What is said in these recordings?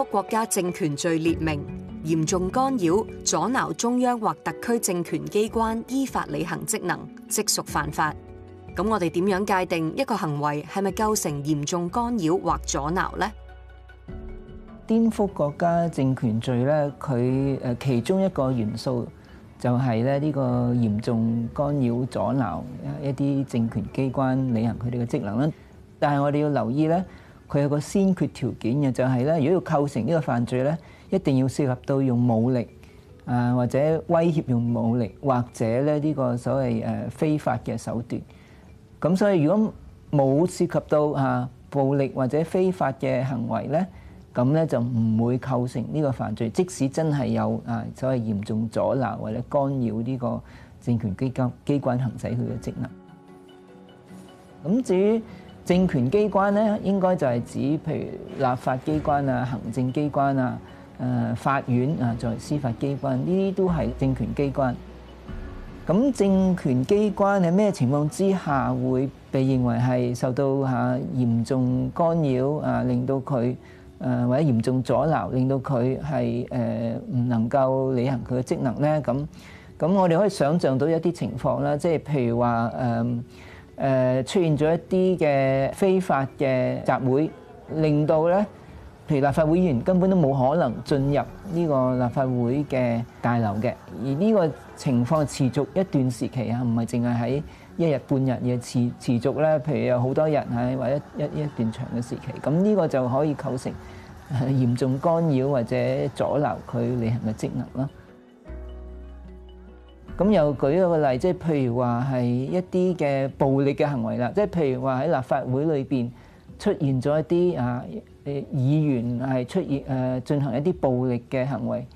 顛覆國家政權罪列明嚴重干擾、阻撓中央或特區政權機關依法履行職能，即屬犯法。咁我哋點樣界定一個行為係咪構成嚴重干擾或阻撓咧？顛覆國家政權罪咧，佢誒其中一個元素就係咧呢個嚴重干擾、阻撓一啲政權機關履行佢哋嘅職能啦。但係我哋要留意咧。佢有個先決條件嘅，就係咧，如果要構成呢個犯罪咧，一定要涉及到用武力啊，或者威脅用武力，或者咧呢個所謂誒非法嘅手段。咁所以如果冇涉及到啊暴力或者非法嘅行為咧，咁咧就唔會構成呢個犯罪。即使真係有啊所謂嚴重阻撓或者干擾呢個政權機構機關行使佢嘅職能。咁至於，政權機關咧，應該就係指譬如立法機關啊、行政機關啊、誒法院啊，作為司法機關呢啲都係政權機關。咁政權機關喺咩情況之下會被認為係受到嚇嚴重干擾啊，令到佢誒或者嚴重阻撓，令到佢係誒唔能夠履行佢嘅職能咧？咁咁我哋可以想像到一啲情況啦，即係譬如話誒。誒出現咗一啲嘅非法嘅集會，令到呢，譬如立法會議員根本都冇可能進入呢個立法會嘅大樓嘅。而呢個情況持續一段時期啊，唔係淨係喺一日半日嘅持持續呢，譬如有好多日啊，或者一一段長嘅時期。咁呢個就可以構成嚴重干擾或者阻撓佢履行嘅職能啦。咁又舉一個例，即係譬如話係一啲嘅暴力嘅行為啦，即係譬如話喺立法會裏邊出現咗一啲啊，誒議員係出現誒進行一啲暴力嘅行為，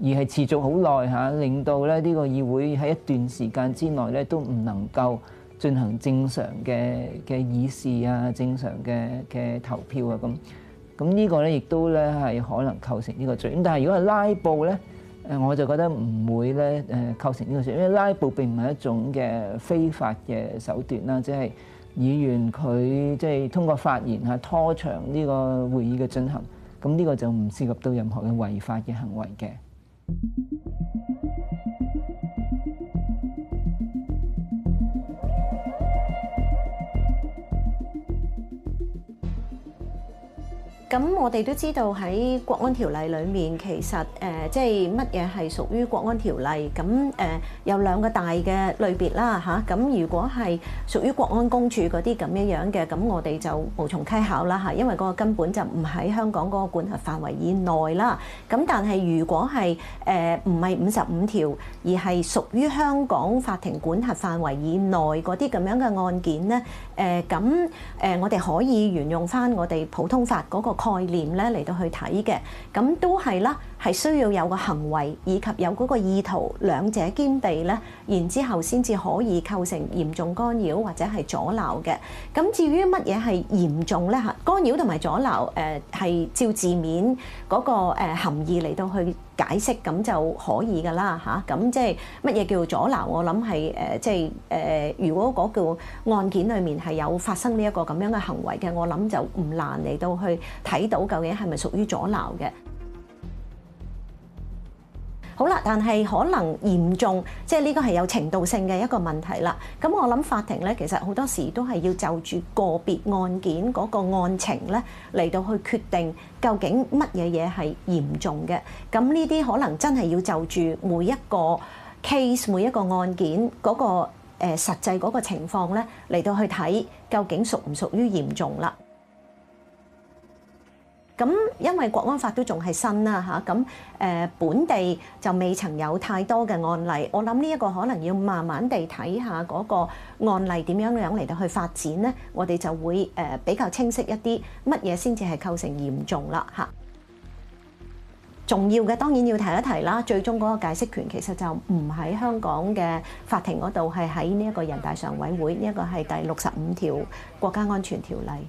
而係持續好耐吓，令到咧呢個議會喺一段時間之內咧都唔能夠進行正常嘅嘅議事啊，正常嘅嘅投票啊，咁咁呢個咧亦都咧係可能構成呢個罪。咁但係如果係拉布咧？誒我就覺得唔會咧誒構成呢個事，因為拉布並唔係一種嘅非法嘅手段啦，即係議員佢即係通過發言啊拖長呢個會議嘅進行，咁呢個就唔涉及到任何嘅違法嘅行為嘅。咁我哋都知道喺國安條例裏面，其實誒即係乜嘢係屬於國安條例？咁誒有兩個大嘅類別啦，嚇。咁如果係屬於國安公署嗰啲咁樣樣嘅，咁我哋就無從稽考啦，嚇。因為嗰個根本就唔喺香港嗰個管轄範圍以內啦。咁但係如果係誒唔係五十五條，而係屬於香港法庭管轄範圍以內嗰啲咁樣嘅案件咧，誒咁誒我哋可以沿用翻我哋普通法嗰個。概念咧嚟到去睇嘅，咁都係啦，係需要有個行為以及有嗰個意圖兩者兼備咧，然之後先至可以構成嚴重干擾或者係阻撓嘅。咁至於乜嘢係嚴重咧嚇？干擾同埋阻撓誒係、呃、照字面嗰、嗰個誒、呃、含義嚟到去。解釋咁就可以噶啦嚇，咁即係乜嘢叫阻撓？我諗係誒，即係誒，如果嗰個案件裡面係有發生呢一個咁樣嘅行為嘅，我諗就唔難嚟到去睇到究竟係咪屬於阻撓嘅。好啦，但係可能嚴重，即係呢個係有程度性嘅一個問題啦。咁我諗法庭呢，其實好多時都係要就住個別案件嗰個案情呢，嚟到去決定究竟乜嘢嘢係嚴重嘅。咁呢啲可能真係要就住每一個 case 每一個案件嗰、那個誒、呃、實際嗰個情況呢，嚟到去睇究竟屬唔屬於嚴重啦。咁因為國安法都仲係新啦嚇，咁誒本地就未曾有太多嘅案例。我諗呢一個可能要慢慢地睇下嗰個案例點樣樣嚟到去發展咧，我哋就會誒比較清晰一啲乜嘢先至係構成嚴重啦嚇。重要嘅當然要提一提啦，最終嗰個解釋權其實就唔喺香港嘅法庭嗰度，係喺呢一個人大常委會，呢一個係第六十五條國家安全條例。